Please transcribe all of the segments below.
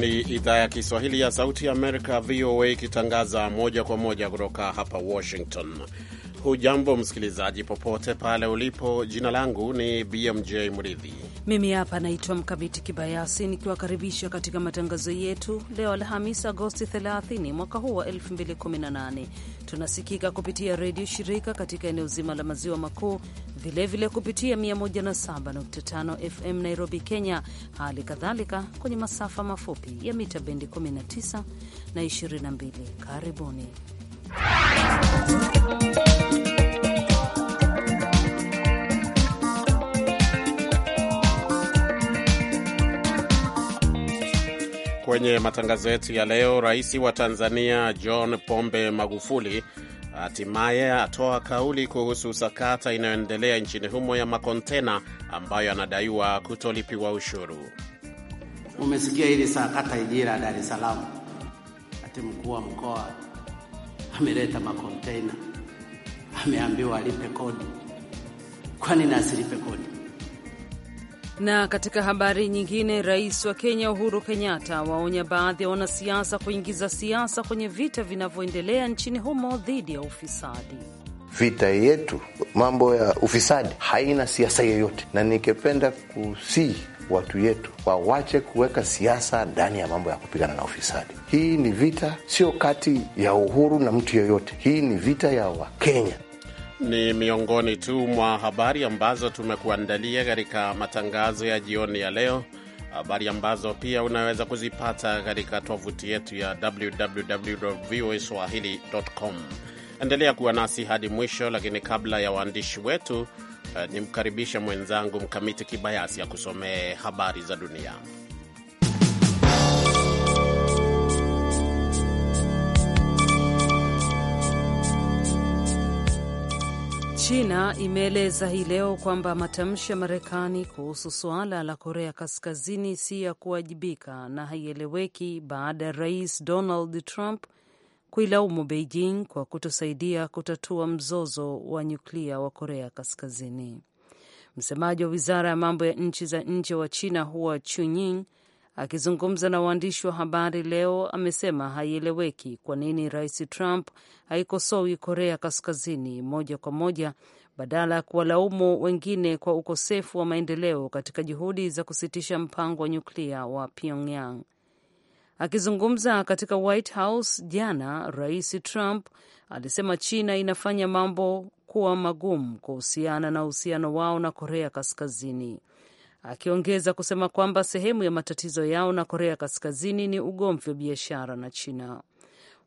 Hii ni idhaa ya Kiswahili ya Sauti ya Amerika, VOA, ikitangaza moja kwa moja kutoka hapa Washington. Hujambo msikilizaji, popote pale ulipo. Jina langu ni BMJ Mridhi, mimi hapa naitwa Mkamiti Kibayasi, nikiwakaribisha katika matangazo yetu leo Alhamis Agosti 30 mwaka huu wa 2018 Tunasikika kupitia redio shirika katika eneo zima la maziwa makuu, vilevile kupitia 107.5 FM Nairobi, Kenya, hali kadhalika kwenye masafa mafupi ya mita bendi 19 na 22. Karibuni. Kwenye matangazo yetu ya leo, rais wa Tanzania John Pombe Magufuli hatimaye atoa kauli kuhusu sakata inayoendelea nchini humo ya makontena ambayo anadaiwa kutolipiwa ushuru. Umesikia hili sakata Ijira, Dar es Salaam, kati mkuu wa mkoa ameleta makontena, ameambiwa alipe kodi. Kwani nasilipe kodi? Na katika habari nyingine, rais wa Kenya Uhuru Kenyatta waonya baadhi ya wanasiasa kuingiza siasa kwenye vita vinavyoendelea nchini humo dhidi ya ufisadi. Vita yetu mambo ya ufisadi haina siasa yoyote, na nikipenda kusii watu yetu wawache kuweka siasa ndani ya mambo ya kupigana na ufisadi. Hii ni vita sio kati ya Uhuru na mtu yoyote hii ni vita ya Wakenya ni miongoni tu mwa habari ambazo tumekuandalia katika matangazo ya jioni ya leo, habari ambazo pia unaweza kuzipata katika tovuti yetu ya www.voaswahili.com. Endelea kuwa nasi hadi mwisho, lakini kabla ya waandishi wetu, eh, nimkaribishe mwenzangu Mkamiti Kibayasi akusomee habari za dunia. China imeeleza hii leo kwamba matamshi ya Marekani kuhusu suala la Korea Kaskazini si ya kuwajibika na haieleweki baada ya Rais Donald Trump kuilaumu Beijing kwa kutosaidia kutatua mzozo wa nyuklia wa Korea Kaskazini. Msemaji wa wizara ya mambo ya nchi za nje wa China Hua Chunying Akizungumza na waandishi wa habari leo, amesema haieleweki kwa nini Rais Trump haikosoi Korea Kaskazini moja kwa moja badala ya kuwalaumu wengine kwa ukosefu wa maendeleo katika juhudi za kusitisha mpango wa nyuklia wa Pyongyang. Akizungumza katika White House jana, Rais Trump alisema China inafanya mambo kuwa magumu kuhusiana na uhusiano wao na Korea Kaskazini akiongeza kusema kwamba sehemu ya matatizo yao na Korea Kaskazini ni ugomvi wa biashara na China.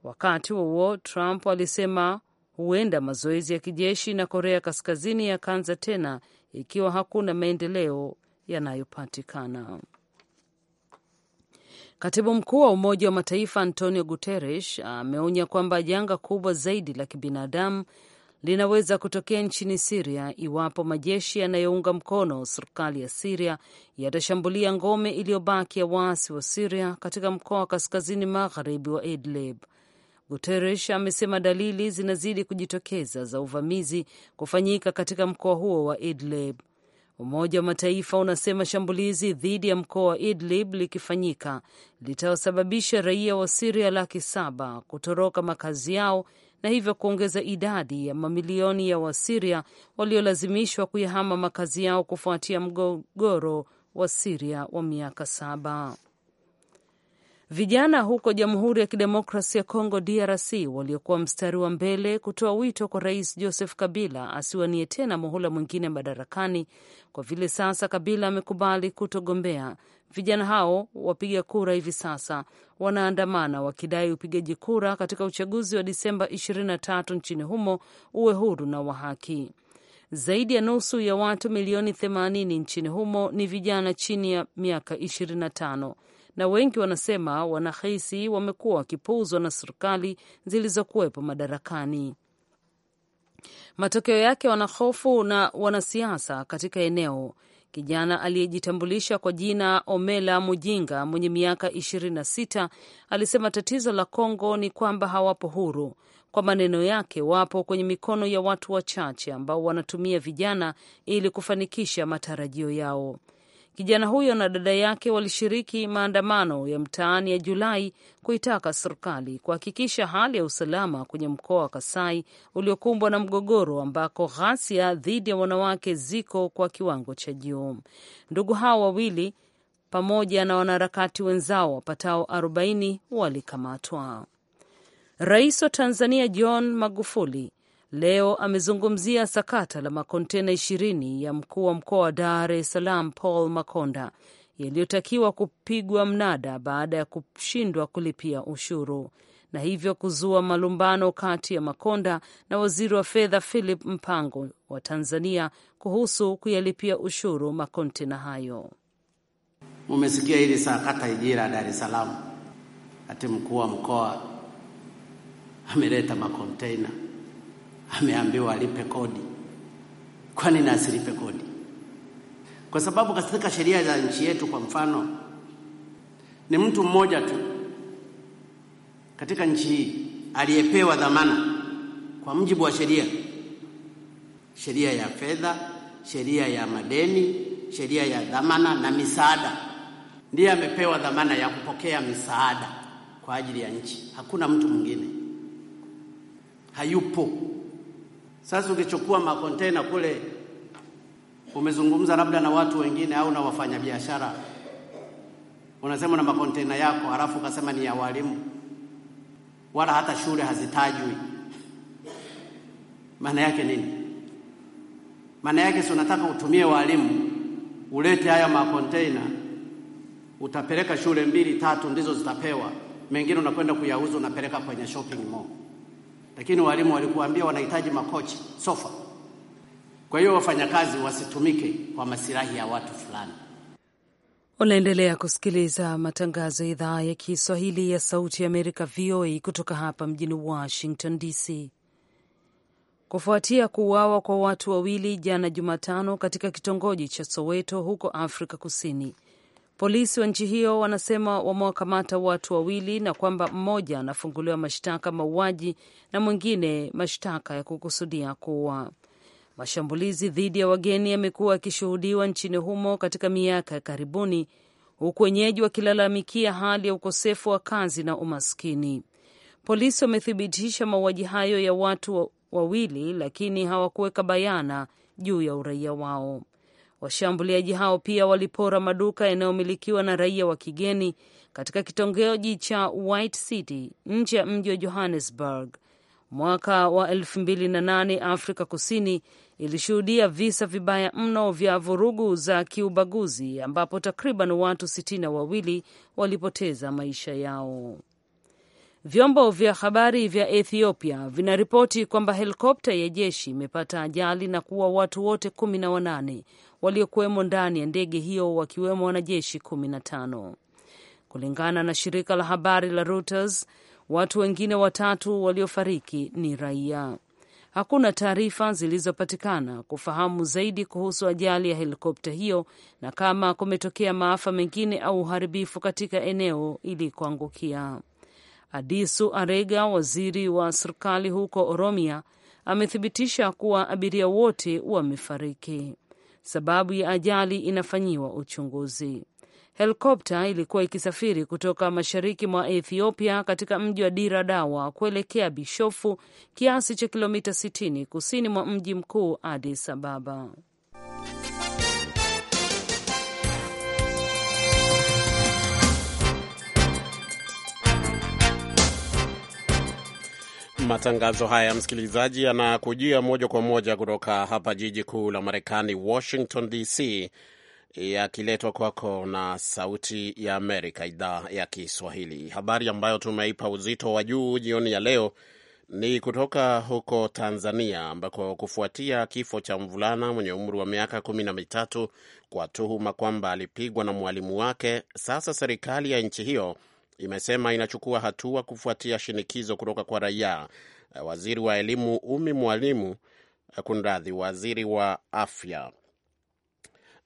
Wakati huo Trump alisema huenda mazoezi ya kijeshi na Korea Kaskazini yakaanza tena ikiwa hakuna maendeleo yanayopatikana. Katibu mkuu wa Umoja wa Mataifa Antonio Guterres ameonya kwamba janga kubwa zaidi la kibinadamu linaweza kutokea nchini Siria iwapo majeshi yanayounga mkono serikali ya Siria yatashambulia ngome iliyobaki ya waasi wa Siria katika mkoa wa kaskazini magharibi wa Idlib. Guterres amesema dalili zinazidi kujitokeza za uvamizi kufanyika katika mkoa huo wa Idlib. Umoja wa Mataifa unasema shambulizi dhidi ya mkoa wa Idlib likifanyika litawasababisha raia wa Siria laki saba kutoroka makazi yao na hivyo kuongeza idadi ya mamilioni ya Wasiria waliolazimishwa kuyahama makazi yao kufuatia mgogoro wa Siria wa miaka saba. Vijana huko Jamhuri ya Kidemokrasi ya Kongo, DRC, waliokuwa mstari wa mbele kutoa wito kwa Rais Joseph Kabila asiwanie tena muhula mwingine madarakani, kwa vile sasa Kabila amekubali kutogombea. Vijana hao wapiga kura hivi sasa wanaandamana wakidai upigaji kura katika uchaguzi wa Disemba 23 nchini humo uwe huru na wa haki. Zaidi ya nusu ya watu milioni 80 nchini humo ni vijana chini ya miaka 25 na wengi wanasema wanahisi wamekuwa wakipuuzwa na serikali zilizokuwepo madarakani. Matokeo yake wanahofu na wanasiasa katika eneo. Kijana aliyejitambulisha kwa jina Omela Mujinga mwenye miaka 26 alisema tatizo la Kongo ni kwamba hawapo huru. Kwa maneno yake, wapo kwenye mikono ya watu wachache ambao wanatumia vijana ili kufanikisha matarajio yao. Kijana huyo na dada yake walishiriki maandamano ya mtaani ya Julai kuitaka serikali kuhakikisha hali ya usalama kwenye mkoa wa Kasai uliokumbwa na mgogoro ambako ghasia dhidi ya wanawake ziko kwa kiwango cha juu. Ndugu hao wawili pamoja na wanaharakati wenzao wapatao 40 walikamatwa. Rais wa Tanzania John Magufuli leo amezungumzia sakata la makontena ishirini ya mkuu wa mkoa wa Dar es Salaam Paul Makonda yaliyotakiwa kupigwa mnada baada ya kushindwa kulipia ushuru na hivyo kuzua malumbano kati ya Makonda na waziri wa fedha Philip Mpango wa Tanzania kuhusu kuyalipia ushuru makontena hayo. Umesikia hili sakata ijira Dar es Salaam, ati mkuu wa mkoa ameleta makontena ameambiwa alipe kodi. Kwani na asilipe kodi? Kwa sababu katika sheria za nchi yetu, kwa mfano, ni mtu mmoja tu katika nchi hii aliyepewa dhamana kwa mujibu wa sheria, sheria ya fedha, sheria ya madeni, sheria ya dhamana na misaada. Ndiye amepewa dhamana ya kupokea misaada kwa ajili ya nchi, hakuna mtu mwingine, hayupo. Sasa ukichukua makontena kule, umezungumza labda na watu wengine au na wafanyabiashara, unasema na makontena yako, halafu ukasema ni ya walimu, wala hata shule hazitajwi. Maana yake nini? Maana yake si unataka utumie walimu, ulete haya makontena, utapeleka shule mbili tatu, ndizo zitapewa, mengine unakwenda kuyauza, unapeleka kwenye shopping mall lakini walimu walikuambia wanahitaji makochi sofa. Kwa hiyo wafanyakazi wasitumike kwa masilahi ya watu fulani. Unaendelea kusikiliza matangazo ya idhaa ya Kiswahili ya Sauti ya Amerika, VOA, kutoka hapa mjini Washington DC. Kufuatia kuuawa kwa watu wawili jana Jumatano katika kitongoji cha Soweto huko Afrika Kusini, Polisi wa nchi hiyo wanasema wamewakamata watu wawili na kwamba mmoja anafunguliwa mashtaka mauaji na mwingine mashtaka ya kukusudia kuua. Mashambulizi dhidi ya wageni yamekuwa yakishuhudiwa nchini humo katika miaka ya karibuni, huku wenyeji wakilalamikia hali ya ukosefu wa kazi na umaskini. Polisi wamethibitisha mauaji hayo ya watu wawili, lakini hawakuweka bayana juu ya uraia wao. Washambuliaji hao pia walipora maduka yanayomilikiwa na raia wa kigeni katika kitongoji cha White City nje ya mji wa Johannesburg. Mwaka wa 2008 Afrika Kusini ilishuhudia visa vibaya mno vya vurugu za kiubaguzi ambapo takriban watu sitini na wawili walipoteza maisha yao. Vyombo vya habari vya Ethiopia vinaripoti kwamba helikopta ya jeshi imepata ajali na kuua watu wote kumi na wanane waliokuwemo ndani ya ndege hiyo wakiwemo wanajeshi kumi na tano kulingana na shirika la habari la Reuters. Watu wengine watatu waliofariki ni raia. Hakuna taarifa zilizopatikana kufahamu zaidi kuhusu ajali ya helikopta hiyo na kama kumetokea maafa mengine au uharibifu katika eneo ilikoangukia. Adisu Arega, waziri wa serikali huko Oromia, amethibitisha kuwa abiria wote wamefariki. Sababu ya ajali inafanyiwa uchunguzi. Helikopta ilikuwa ikisafiri kutoka mashariki mwa Ethiopia katika mji wa Dira Dawa kuelekea Bishofu, kiasi cha kilomita 60 kusini mwa mji mkuu Addis Ababa. Matangazo haya msikilizaji, yanakujia moja kwa moja kutoka hapa jiji kuu la Marekani, Washington DC, yakiletwa kwako na Sauti ya Amerika, idhaa ya Kiswahili. Habari ambayo tumeipa uzito wa juu jioni ya leo ni kutoka huko Tanzania, ambako kufuatia kifo cha mvulana mwenye umri wa miaka kumi na mitatu kwa tuhuma kwamba alipigwa na mwalimu wake, sasa serikali ya nchi hiyo imesema inachukua hatua kufuatia shinikizo kutoka kwa raia. Eh, waziri wa elimu Umi Mwalimu, eh, kunradhi, waziri wa afya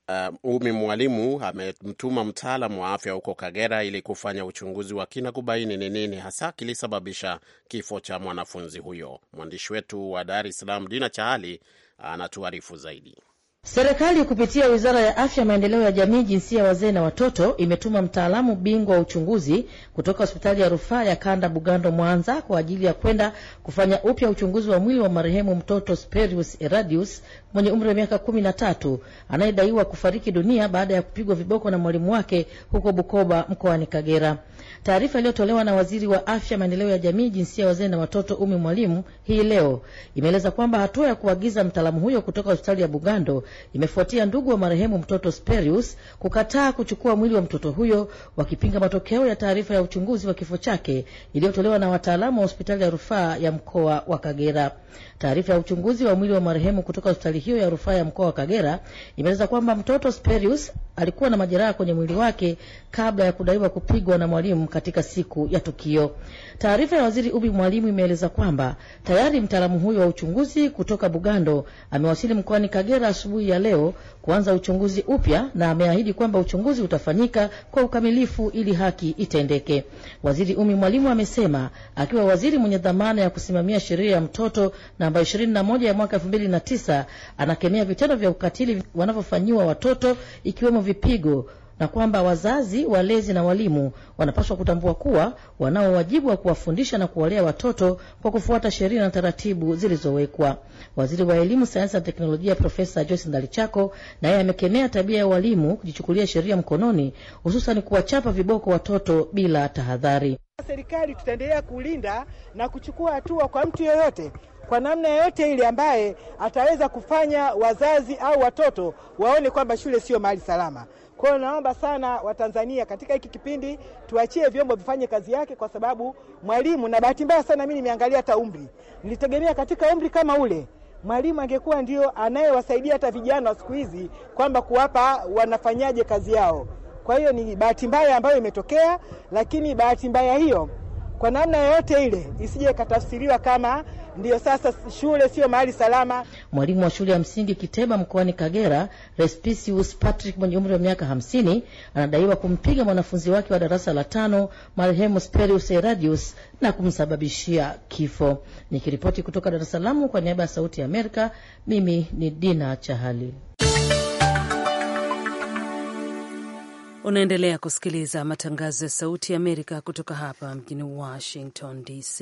eh, Umi Mwalimu amemtuma mtaalamu wa afya huko Kagera ili kufanya uchunguzi wa kina kubaini ni nini hasa kilisababisha kifo cha mwanafunzi huyo. Mwandishi wetu wa Dar es Salaam Dina Chahali anatuarifu zaidi. Serikali kupitia Wizara ya Afya, Maendeleo ya Jamii, Jinsia, Wazee na Watoto imetuma mtaalamu bingwa wa uchunguzi kutoka Hospitali ya Rufaa ya Kanda Bugando, Mwanza, kwa ajili ya kwenda kufanya upya uchunguzi wa mwili wa marehemu mtoto Sperius Eradius mwenye umri wa miaka kumi na tatu anayedaiwa kufariki dunia baada ya kupigwa viboko na mwalimu wake huko Bukoba mkoani Kagera. Taarifa iliyotolewa na waziri wa afya, maendeleo ya jamii, jinsia, wazee na watoto, Umi Mwalimu, hii leo imeeleza kwamba hatua ya kuagiza mtaalamu huyo kutoka hospitali ya Bugando imefuatia ndugu wa marehemu mtoto Sperius kukataa kuchukua mwili wa mtoto huyo, wakipinga matokeo ya taarifa ya uchunguzi wa kifo chake iliyotolewa na wataalamu wa hospitali ya rufaa ya mkoa wa Kagera. Taarifa ya uchunguzi wa mwili wa marehemu kutoka hospitali hiyo ya rufaa ya mkoa wa Kagera imeeleza kwamba mtoto Sperius alikuwa na majeraha kwenye mwili wake kabla ya kudaiwa kupigwa na mwalimu mwalimu katika siku ya tukio. Taarifa ya waziri Ubi Mwalimu imeeleza kwamba tayari mtaalamu huyo wa uchunguzi kutoka Bugando amewasili mkoani Kagera asubuhi ya leo kuanza uchunguzi upya, na ameahidi kwamba uchunguzi utafanyika kwa ukamilifu ili haki itendeke. Waziri Umi Mwalimu amesema akiwa waziri mwenye dhamana ya kusimamia sheria ya mtoto namba 21 ya mwaka 2009 anakemea vitendo vya ukatili wanavyofanyiwa watoto ikiwemo vipigo na kwamba wazazi, walezi na walimu wanapaswa kutambua kuwa wanao wajibu wa kuwafundisha na kuwalea watoto kwa kufuata sheria na taratibu zilizowekwa. Waziri wa Elimu, Sayansi na Teknolojia Profesa Joyce Ndalichako naye amekemea tabia ya walimu kujichukulia sheria mkononi, hususan kuwachapa viboko watoto bila tahadhari. Serikali tutaendelea kulinda na kuchukua hatua kwa mtu yoyote kwa namna yoyote ile ambaye ataweza kufanya wazazi au watoto waone kwamba shule sio mahali salama. Kwa hiyo naomba sana Watanzania katika hiki kipindi tuachie vyombo vifanye kazi yake, kwa sababu mwalimu, na bahati mbaya sana mimi nimeangalia hata umri, nilitegemea katika umri kama ule mwalimu angekuwa ndio anayewasaidia hata vijana wa siku hizi kwamba kuwapa wanafanyaje kazi yao. Kwa hiyo ni bahati mbaya ambayo imetokea, lakini bahati mbaya hiyo kwa namna yoyote ile isije ikatafsiriwa kama ndiyo sasa shule sio mahali salama. Mwalimu wa shule ya msingi Kiteba mkoani Kagera, Respicius Patrick mwenye umri wa miaka hamsini anadaiwa kumpiga mwanafunzi wake wa darasa la tano marehemu Sperius Eradius na kumsababishia kifo. Nikiripoti kutoka Dar es Salaam kwa niaba ya Sauti ya Amerika, mimi ni Dina Chahali. Unaendelea kusikiliza matangazo ya Sauti ya Amerika kutoka hapa mjini Washington DC.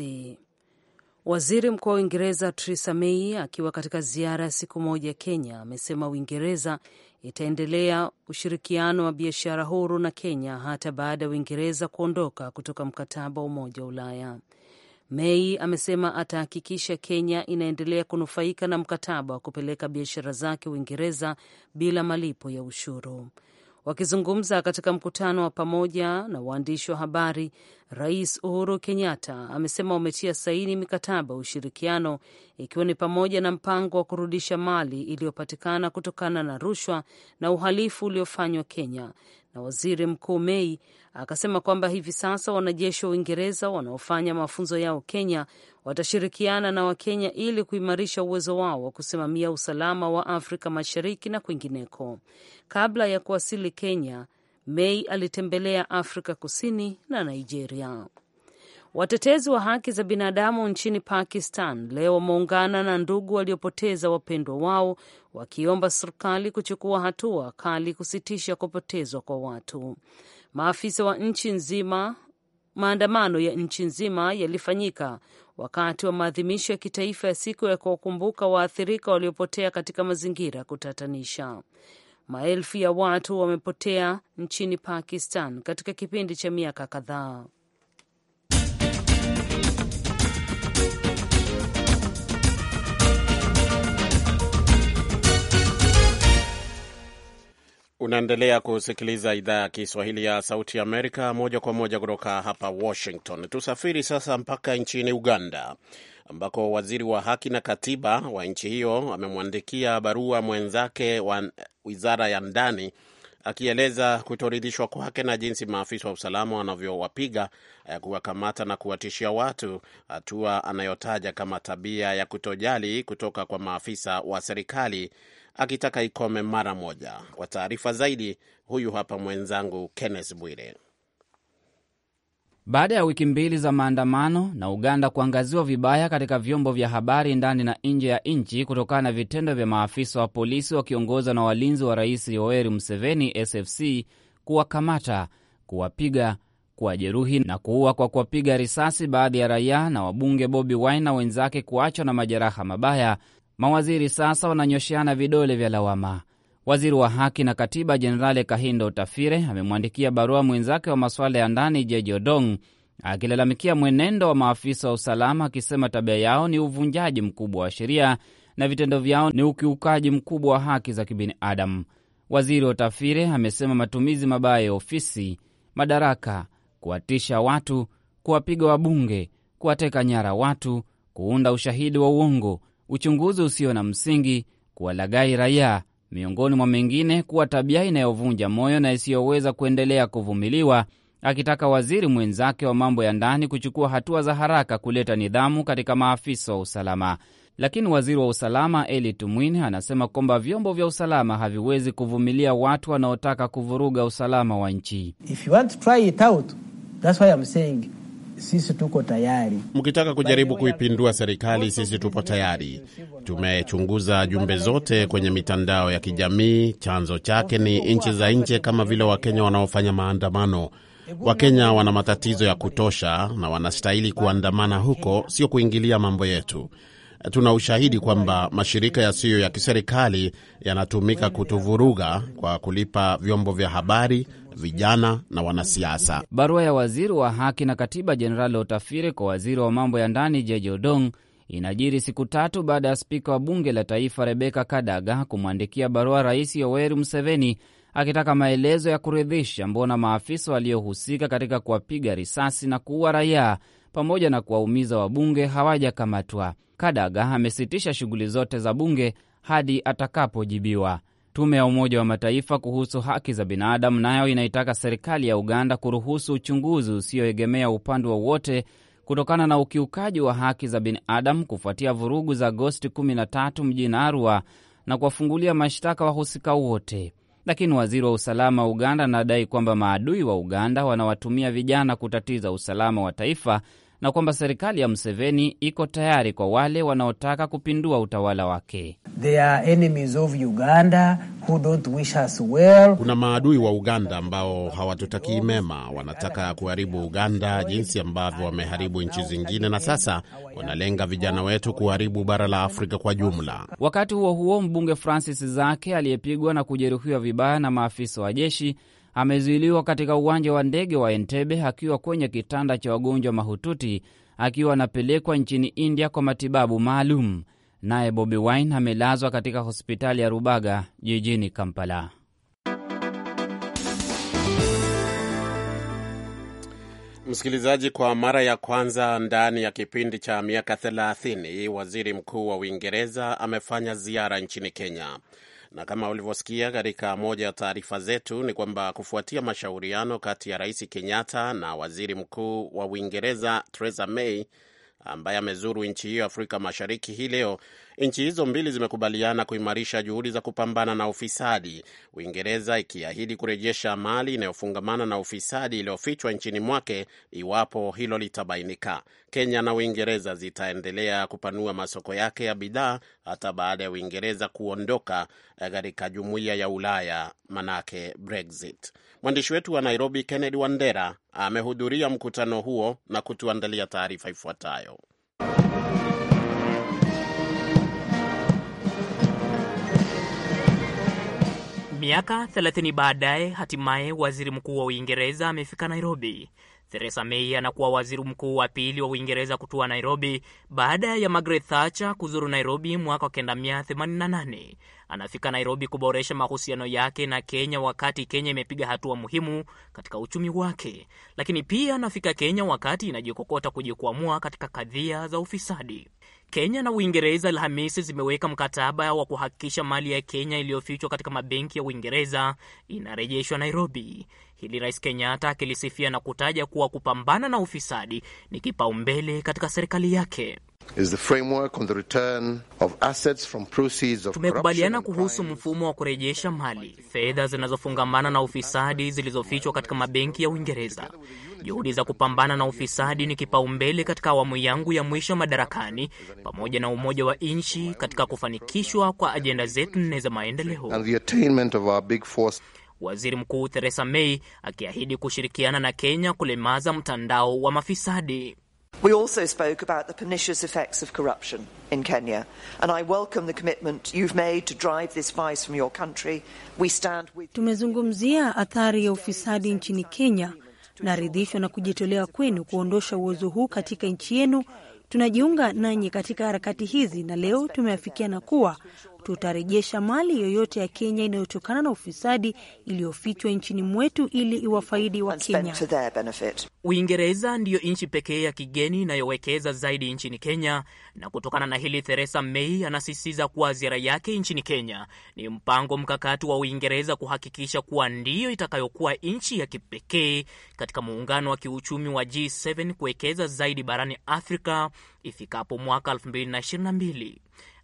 Waziri Mkuu wa Uingereza Theresa May akiwa katika ziara ya siku moja Kenya amesema Uingereza itaendelea ushirikiano wa biashara huru na Kenya hata baada ya Uingereza kuondoka kutoka mkataba wa Umoja wa Ulaya. mei amesema atahakikisha Kenya inaendelea kunufaika na mkataba wa kupeleka biashara zake Uingereza bila malipo ya ushuru. Wakizungumza katika mkutano wa pamoja na waandishi wa habari, Rais Uhuru Kenyatta amesema wametia saini mikataba ya ushirikiano ikiwa ni pamoja na mpango wa kurudisha mali iliyopatikana kutokana na rushwa na uhalifu uliofanywa Kenya na waziri mkuu Mei akasema kwamba hivi sasa wanajeshi wa Uingereza wanaofanya mafunzo yao Kenya watashirikiana na Wakenya ili kuimarisha uwezo wao wa kusimamia usalama wa Afrika Mashariki na kwingineko. Kabla ya kuwasili Kenya, Mei alitembelea Afrika Kusini na Nigeria. Watetezi wa haki za binadamu nchini Pakistan leo wameungana na ndugu waliopoteza wapendwa wao wakiomba serikali kuchukua hatua kali kusitisha kupotezwa kwa watu. Maafisa wa nchi nzima. Maandamano ya nchi nzima yalifanyika wakati wa maadhimisho ya kitaifa ya siku ya kuwakumbuka waathirika waliopotea katika mazingira ya kutatanisha. Maelfu ya watu wamepotea nchini Pakistan katika kipindi cha miaka kadhaa. Unaendelea kusikiliza idhaa ya Kiswahili ya Sauti ya Amerika moja kwa moja kutoka hapa Washington. Tusafiri sasa mpaka nchini Uganda ambako waziri wa haki na katiba wa nchi hiyo amemwandikia barua mwenzake wa wizara ya ndani akieleza kutoridhishwa kwake na jinsi maafisa wa usalama wanavyowapiga, eh, kuwakamata na kuwatishia watu, hatua anayotaja kama tabia ya kutojali kutoka kwa maafisa wa serikali akitaka ikome mara moja. Kwa taarifa zaidi, huyu hapa mwenzangu Kenneth Bwire. Baada ya wiki mbili za maandamano na Uganda kuangaziwa vibaya katika vyombo vya habari ndani na nje ya nchi kutokana na vitendo vya maafisa wa polisi wakiongozwa na walinzi wa Rais Yoweri Museveni SFC kuwakamata, kuwapiga, kuwajeruhi na kuua kwa kuwapiga risasi baadhi ya raia na wabunge Bobi Wine na wenzake kuachwa na majeraha mabaya, Mawaziri sasa wananyosheana vidole vya lawama. Waziri wa haki na katiba Jenerali Kahindo Utafire amemwandikia barua mwenzake wa masuala ya ndani Jeje Odong akilalamikia mwenendo wa maafisa wa usalama, akisema tabia yao ni uvunjaji mkubwa wa sheria na vitendo vyao ni ukiukaji mkubwa wa haki za kibinadamu. Waziri Otafire amesema matumizi mabaya ya ofisi, madaraka, kuwatisha watu, kuwapiga wabunge, kuwateka nyara watu, kuunda ushahidi wa uongo uchunguzi usio na msingi, kuwalagai raia, miongoni mwa mengine kuwa tabia inayovunja moyo na isiyoweza kuendelea kuvumiliwa, akitaka waziri mwenzake wa mambo ya ndani kuchukua hatua za haraka kuleta nidhamu katika maafisa wa usalama. Lakini waziri wa usalama Eli Tumwin anasema kwamba vyombo vya usalama haviwezi kuvumilia watu wanaotaka kuvuruga usalama wa nchi. If you want to try it out, that's why I'm saying sisi tuko tayari. Mkitaka kujaribu kuipindua serikali, sisi tupo tayari. Tumechunguza jumbe zote kwenye mitandao ya kijamii. Chanzo chake ni nchi za nje kama vile Wakenya wanaofanya maandamano. Wakenya wana matatizo ya kutosha na wanastahili kuandamana huko, sio kuingilia mambo yetu. Tuna ushahidi kwamba mashirika yasiyo ya kiserikali yanatumika kutuvuruga kwa kulipa vyombo vya habari, vijana na wanasiasa. Barua ya waziri wa haki na katiba Jenerali Otafire kwa waziri wa mambo ya ndani Jeje Odong inajiri siku tatu baada ya spika wa bunge la taifa Rebeka Kadaga kumwandikia barua Rais Yoweri Museveni akitaka maelezo ya kuridhisha mbona maafisa waliohusika katika kuwapiga risasi na kuua raia pamoja na kuwaumiza wabunge hawajakamatwa. Kadaga amesitisha shughuli zote za bunge hadi atakapojibiwa. Tume ya Umoja wa Mataifa kuhusu haki za binadamu nayo inaitaka serikali ya Uganda kuruhusu uchunguzi usioegemea upande wowote kutokana na ukiukaji wa haki za binadamu kufuatia vurugu za Agosti 13 mjini Arua na kuwafungulia mashtaka wahusika wote lakini waziri wa usalama wa Uganda anadai kwamba maadui wa Uganda wanawatumia vijana kutatiza usalama wa taifa na kwamba serikali ya mseveni iko tayari kwa wale wanaotaka kupindua utawala wake. Well. Kuna maadui wa Uganda ambao hawatutakii mema, wanataka kuharibu Uganda jinsi ambavyo wameharibu nchi zingine, na sasa wanalenga vijana wetu kuharibu bara la Afrika kwa jumla. Wakati huo huo, mbunge Francis Zake aliyepigwa na kujeruhiwa vibaya na maafisa wa jeshi amezuiliwa katika uwanja wa ndege wa Entebbe akiwa kwenye kitanda cha wagonjwa mahututi akiwa anapelekwa nchini India kwa matibabu maalum. Naye Bobi Wine amelazwa katika hospitali ya Rubaga jijini Kampala. Msikilizaji, kwa mara ya kwanza ndani ya kipindi cha miaka 30 waziri mkuu wa Uingereza amefanya ziara nchini Kenya. Na kama ulivyosikia katika moja ya taarifa zetu ni kwamba kufuatia mashauriano kati ya Rais Kenyatta na Waziri Mkuu wa Uingereza Theresa May ambaye amezuru nchi hiyo Afrika Mashariki hii leo, Nchi hizo mbili zimekubaliana kuimarisha juhudi za kupambana na ufisadi, Uingereza ikiahidi kurejesha mali inayofungamana na ufisadi iliyofichwa nchini mwake iwapo hilo litabainika. Kenya na Uingereza zitaendelea kupanua masoko yake ya bidhaa hata baada ya Uingereza kuondoka eh, katika jumuiya ya Ulaya, manake Brexit. Mwandishi wetu wa Nairobi, Kennedy Wandera, amehudhuria mkutano huo na kutuandalia taarifa ifuatayo. Miaka 30 baadaye, hatimaye waziri mkuu wa Uingereza amefika Nairobi. Theresa May anakuwa waziri mkuu wa pili wa Uingereza kutua Nairobi baada ya Margaret Thatcher kuzuru Nairobi mwaka 1988. Anafika Nairobi kuboresha mahusiano yake na Kenya wakati Kenya imepiga hatua muhimu katika uchumi wake, lakini pia anafika Kenya wakati inajikokota kujikwamua katika kadhia za ufisadi. Kenya na Uingereza Alhamisi zimeweka mkataba wa kuhakikisha mali ya Kenya iliyofichwa katika mabenki ya Uingereza inarejeshwa Nairobi. Hili Rais Kenyatta akilisifia na kutaja kuwa kupambana na ufisadi ni kipaumbele katika serikali yake. Tumekubaliana kuhusu mfumo wa kurejesha mali, fedha zinazofungamana na ufisadi zilizofichwa katika mabenki ya Uingereza. Juhudi za kupambana na ufisadi ni kipaumbele katika awamu yangu ya mwisho madarakani, pamoja na umoja wa nchi katika kufanikishwa kwa ajenda zetu nne za maendeleo. Waziri Mkuu Theresa May akiahidi kushirikiana na Kenya kulemaza mtandao wa mafisadi. We also spoke about the pernicious effects of corruption in Kenya, and I welcome the commitment you've made to drive this vice from your country. We stand with... Tumezungumzia athari ya ufisadi nchini Kenya. Naridhishwa na kujitolea kwenu kuondosha uwezo huu katika nchi yenu. Tunajiunga nanyi katika harakati hizi, na leo tumeafikiana kuwa tutarejesha mali yoyote ya Kenya inayotokana na ufisadi iliyofichwa nchini mwetu ili iwafaidi wa Kenya. Uingereza ndiyo nchi pekee ya kigeni inayowekeza zaidi nchini Kenya, na kutokana na hili Theresa May anasisitiza kuwa ziara yake nchini Kenya ni mpango mkakati wa Uingereza kuhakikisha kuwa ndiyo itakayokuwa nchi ya kipekee katika muungano wa kiuchumi wa G7 kuwekeza zaidi barani Afrika ifikapo mwaka 2022.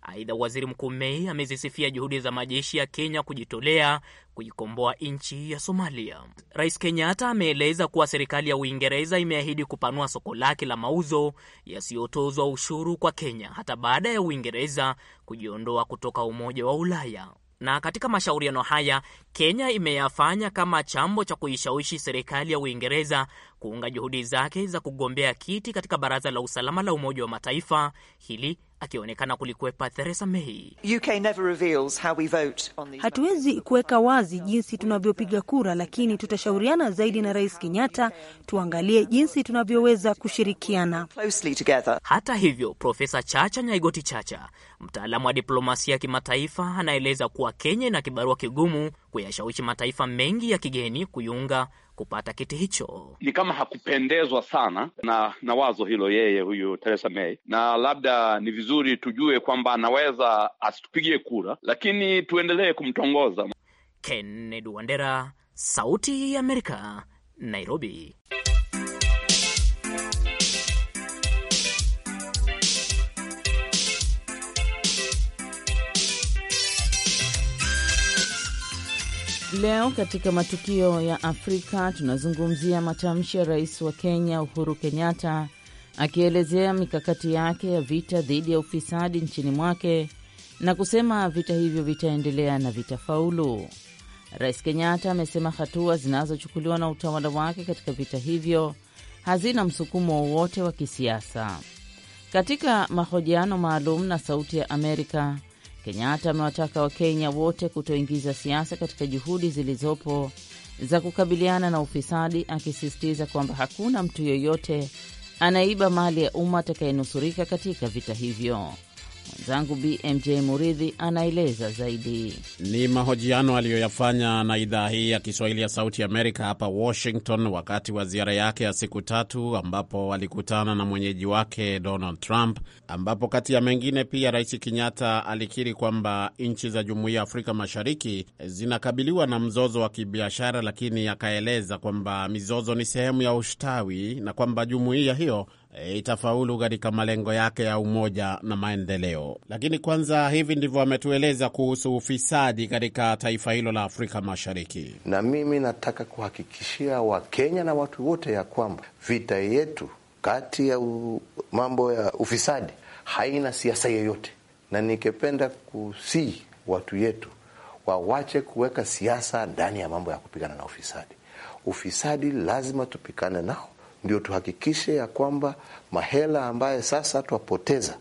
Aidha, waziri mkuu Mei amezisifia juhudi za majeshi ya Kenya kujitolea kuikomboa nchi ya Somalia. Rais Kenyatta ameeleza kuwa serikali ya Uingereza imeahidi kupanua soko lake la mauzo yasiyotozwa ushuru kwa Kenya hata baada ya Uingereza kujiondoa kutoka Umoja wa Ulaya. Na katika mashauriano haya Kenya imeyafanya kama chambo cha kuishawishi serikali ya Uingereza kuunga juhudi zake za kugombea kiti katika baraza la usalama la Umoja wa Mataifa, hili akionekana kulikwepa Theresa May. Hatuwezi kuweka wazi jinsi tunavyopiga kura, lakini tutashauriana zaidi na Rais Kenyatta, tuangalie jinsi tunavyoweza kushirikiana. Hata hivyo, Profesa Chacha Nyaigoti Chacha, mtaalamu wa diplomasia ya kimataifa, anaeleza kuwa Kenya ina kibarua kigumu kuyashawishi mataifa mengi ya kigeni kuiunga kupata kiti hicho. Ni kama hakupendezwa sana na, na wazo hilo yeye huyu Theresa May, na labda ni vizuri tujue kwamba anaweza asitupigie kura, lakini tuendelee kumtongoza. Kennedy Wandera, Sauti ya Amerika, Nairobi. Leo katika matukio ya Afrika tunazungumzia matamshi ya rais wa Kenya Uhuru Kenyatta akielezea mikakati yake ya vita dhidi ya ufisadi nchini mwake na kusema vita hivyo vitaendelea na vitafaulu. Rais Kenyatta amesema hatua zinazochukuliwa na utawala wake katika vita hivyo hazina msukumo wowote wa kisiasa. Katika mahojiano maalum na Sauti ya Amerika, Kenyatta amewataka Wakenya wote kutoingiza siasa katika juhudi zilizopo za kukabiliana na ufisadi, akisisitiza kwamba hakuna mtu yeyote anaiba mali ya umma atakayenusurika katika vita hivyo. Mwenzangu BMJ Muridhi anaeleza zaidi. Ni mahojiano aliyoyafanya na idhaa hii ya Kiswahili ya Sauti Amerika hapa Washington, wakati wa ziara yake ya siku tatu, ambapo alikutana na mwenyeji wake Donald Trump, ambapo kati ya mengine pia Rais Kenyatta alikiri kwamba nchi za Jumuiya ya Afrika Mashariki zinakabiliwa na mzozo wa kibiashara, lakini akaeleza kwamba mizozo ni sehemu ya ustawi na kwamba jumuiya hiyo E, itafaulu katika malengo yake ya umoja na maendeleo. Lakini kwanza, hivi ndivyo ametueleza kuhusu ufisadi katika taifa hilo la Afrika Mashariki. Na mimi nataka kuhakikishia Wakenya na watu wote ya kwamba vita yetu kati ya u, mambo ya ufisadi haina siasa yoyote, na nikipenda kusii watu yetu wawache kuweka siasa ndani ya mambo ya kupigana na ufisadi. Ufisadi lazima tupikane nao ndio tuhakikishe ya kwamba mahela ambaye sasa twapoteza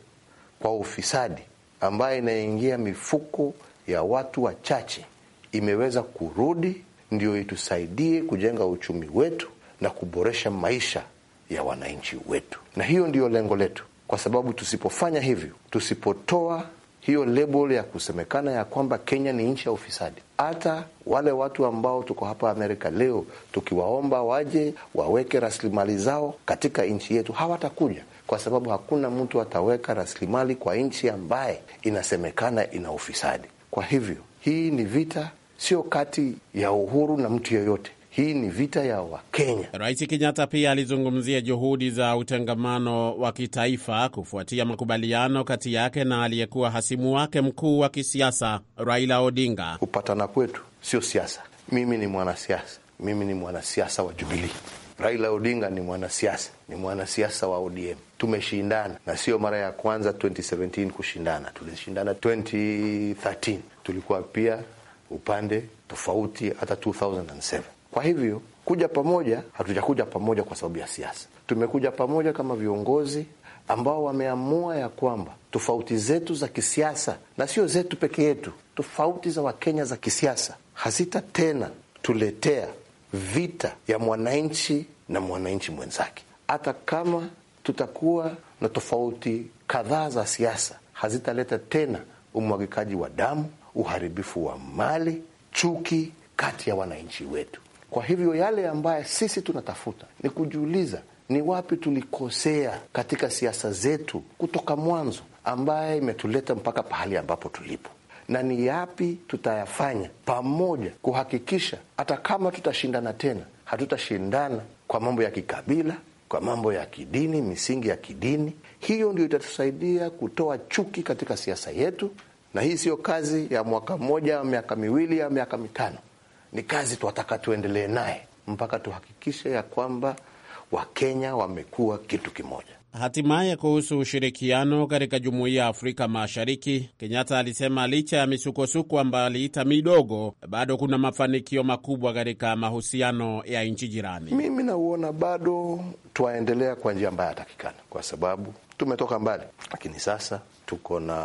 kwa ufisadi, ambaye inaingia mifuko ya watu wachache, imeweza kurudi, ndio itusaidie kujenga uchumi wetu na kuboresha maisha ya wananchi wetu, na hiyo ndiyo lengo letu, kwa sababu tusipofanya hivyo, tusipotoa hiyo label ya kusemekana ya kwamba Kenya ni nchi ya ufisadi. Hata wale watu ambao tuko hapa Amerika leo tukiwaomba waje waweke rasilimali zao katika nchi yetu hawatakuja, kwa sababu hakuna mtu ataweka rasilimali kwa nchi ambaye inasemekana ina ufisadi. Kwa hivyo hii ni vita, sio kati ya uhuru na mtu yeyote hii ni vita ya Wakenya. Rais Kenyatta pia alizungumzia juhudi za utengamano wa kitaifa kufuatia makubaliano kati yake na aliyekuwa hasimu wake mkuu wa kisiasa Raila Odinga. Kupatana kwetu sio siasa. Mimi ni mwanasiasa, mimi ni mwanasiasa wa Jubilii. Raila Odinga ni mwanasiasa, ni mwanasiasa wa ODM. Tumeshindana na sio mara ya kwanza. 2017 kushindana, tulishindana 2013, tulikuwa pia upande tofauti hata 2007 kwa hivyo kuja pamoja, hatujakuja pamoja kwa sababu ya siasa. Tumekuja pamoja kama viongozi ambao wameamua ya kwamba tofauti zetu za kisiasa, na sio zetu peke yetu, tofauti za Wakenya za kisiasa hazita tena tuletea vita ya mwananchi na mwananchi mwenzake. Hata kama tutakuwa na tofauti kadhaa za siasa, hazitaleta tena umwagikaji wa damu, uharibifu wa mali, chuki kati ya wananchi wetu. Kwa hivyo yale ambaye sisi tunatafuta ni kujiuliza ni wapi tulikosea katika siasa zetu kutoka mwanzo, ambaye imetuleta mpaka pahali ambapo tulipo, na ni yapi tutayafanya pamoja kuhakikisha hata kama tutashindana tena, hatutashindana kwa mambo ya kikabila, kwa mambo ya kidini, misingi ya kidini. Hiyo ndio itatusaidia kutoa chuki katika siasa yetu, na hii siyo kazi ya mwaka mmoja, miaka miwili, ya miaka mitano ni kazi twataka tuendelee naye mpaka tuhakikishe ya kwamba Wakenya wamekuwa kitu kimoja. Hatimaye, kuhusu ushirikiano katika jumuiya ya Afrika Mashariki, Kenyatta alisema licha ya misukosuko ambayo aliita midogo, bado kuna mafanikio makubwa katika mahusiano ya nchi jirani. Mimi nauona bado twaendelea kwa njia ambayo yatakikana, kwa sababu tumetoka mbali, lakini sasa tuko na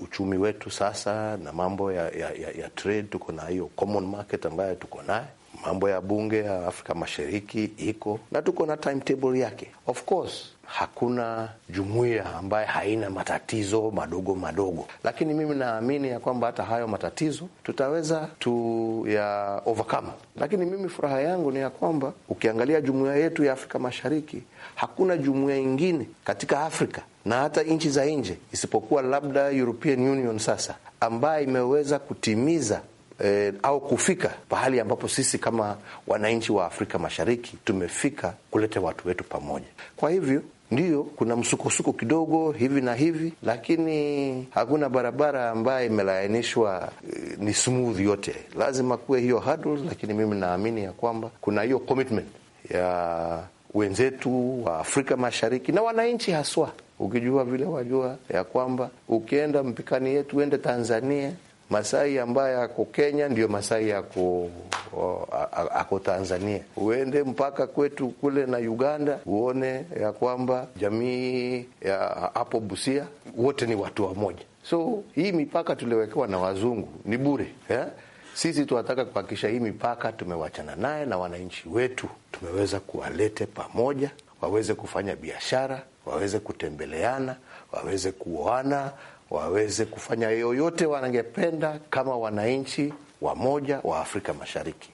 uchumi wetu sasa na mambo ya, ya, ya, ya trade, tuko na hiyo common market ambayo tuko naye mambo ya bunge ya Afrika Mashariki iko na tuko na timetable yake. Of course hakuna jumuiya ambaye haina matatizo madogo madogo, lakini mimi naamini ya kwamba hata hayo matatizo tutaweza tu ya overcome. Lakini mimi furaha yangu ni ya kwamba ukiangalia jumuiya yetu ya Afrika Mashariki hakuna jumuiya nyingine katika Afrika na hata nchi za nje isipokuwa labda European Union sasa ambayo imeweza kutimiza E, au kufika pahali ambapo sisi kama wananchi wa Afrika Mashariki tumefika kuleta watu wetu pamoja. Kwa hivyo ndio kuna msukosuko kidogo hivi na hivi, lakini hakuna barabara ambayo imelainishwa e, ni smooth yote, lazima kuwe hiyo hurdles, lakini mimi naamini ya kwamba kuna hiyo commitment ya wenzetu wa Afrika Mashariki na wananchi haswa, ukijua vile wajua ya kwamba ukienda mpikani yetu uende Tanzania, Masai ambayo ako Kenya ndio Masai ako O, ako Tanzania, uende mpaka kwetu kule na Uganda uone ya kwamba jamii ya hapo Busia wote ni watu wa moja. So hii mipaka tuliwekewa na wazungu ni bure yeah? Sisi tunataka kuhakikisha hii mipaka tumewachana naye na wananchi wetu tumeweza kuwalete pamoja, waweze kufanya biashara, waweze kutembeleana, waweze kuoana, waweze kufanya yoyote wanangependa kama wananchi wamoja wa Afrika Mashariki.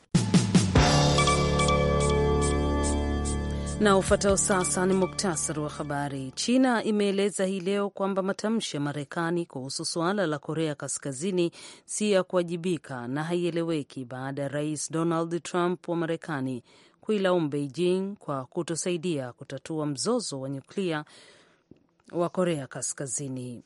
Na ufuatao sasa ni muktasari wa habari. China imeeleza hii leo kwamba matamshi ya Marekani kuhusu suala la Korea Kaskazini si ya kuwajibika na haieleweki baada ya Rais Donald Trump wa Marekani kuilaumu Beijing kwa kutosaidia kutatua mzozo wa nyuklia wa Korea Kaskazini.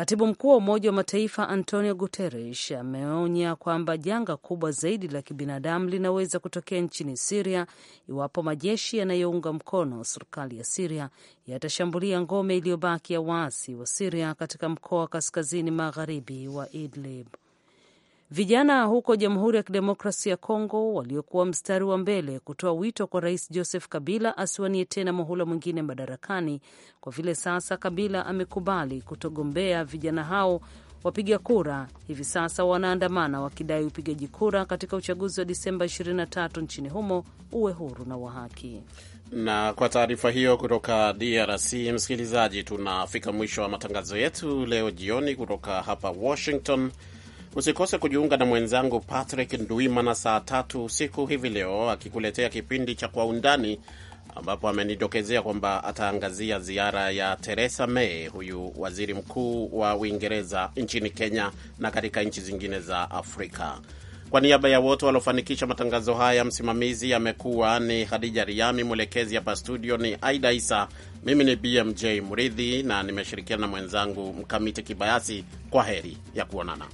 Katibu mkuu wa Umoja wa Mataifa Antonio Guterres ameonya kwamba janga kubwa zaidi la kibinadamu linaweza kutokea nchini Siria iwapo majeshi yanayounga mkono serikali ya Siria yatashambulia ngome iliyobaki ya waasi wa Siria katika mkoa wa kaskazini magharibi wa Idlib. Vijana huko Jamhuri ya Kidemokrasia ya Kongo waliokuwa mstari wa mbele kutoa wito kwa Rais Joseph Kabila asiwanie tena muhula mwingine madarakani, kwa vile sasa Kabila amekubali kutogombea. Vijana hao wapiga kura hivi sasa wanaandamana wakidai upigaji kura katika uchaguzi wa Disemba 23 nchini humo uwe huru na wa haki. Na kwa taarifa hiyo kutoka DRC, msikilizaji, tunafika mwisho wa matangazo yetu leo jioni kutoka hapa Washington. Usikose kujiunga na mwenzangu Patrick Ndwimana saa tatu usiku hivi leo akikuletea kipindi cha Kwa Undani, ambapo amenidokezea kwamba ataangazia ziara ya Theresa May, huyu waziri mkuu wa Uingereza nchini Kenya na katika nchi zingine za Afrika. Kwa niaba ya wote waliofanikisha matangazo haya, msimamizi amekuwa ni Khadija Riami, mwelekezi hapa studio ni Aida Isa, mimi ni BMJ Muridhi na nimeshirikiana na mwenzangu Mkamiti Kibayasi. Kwa heri ya kuonana.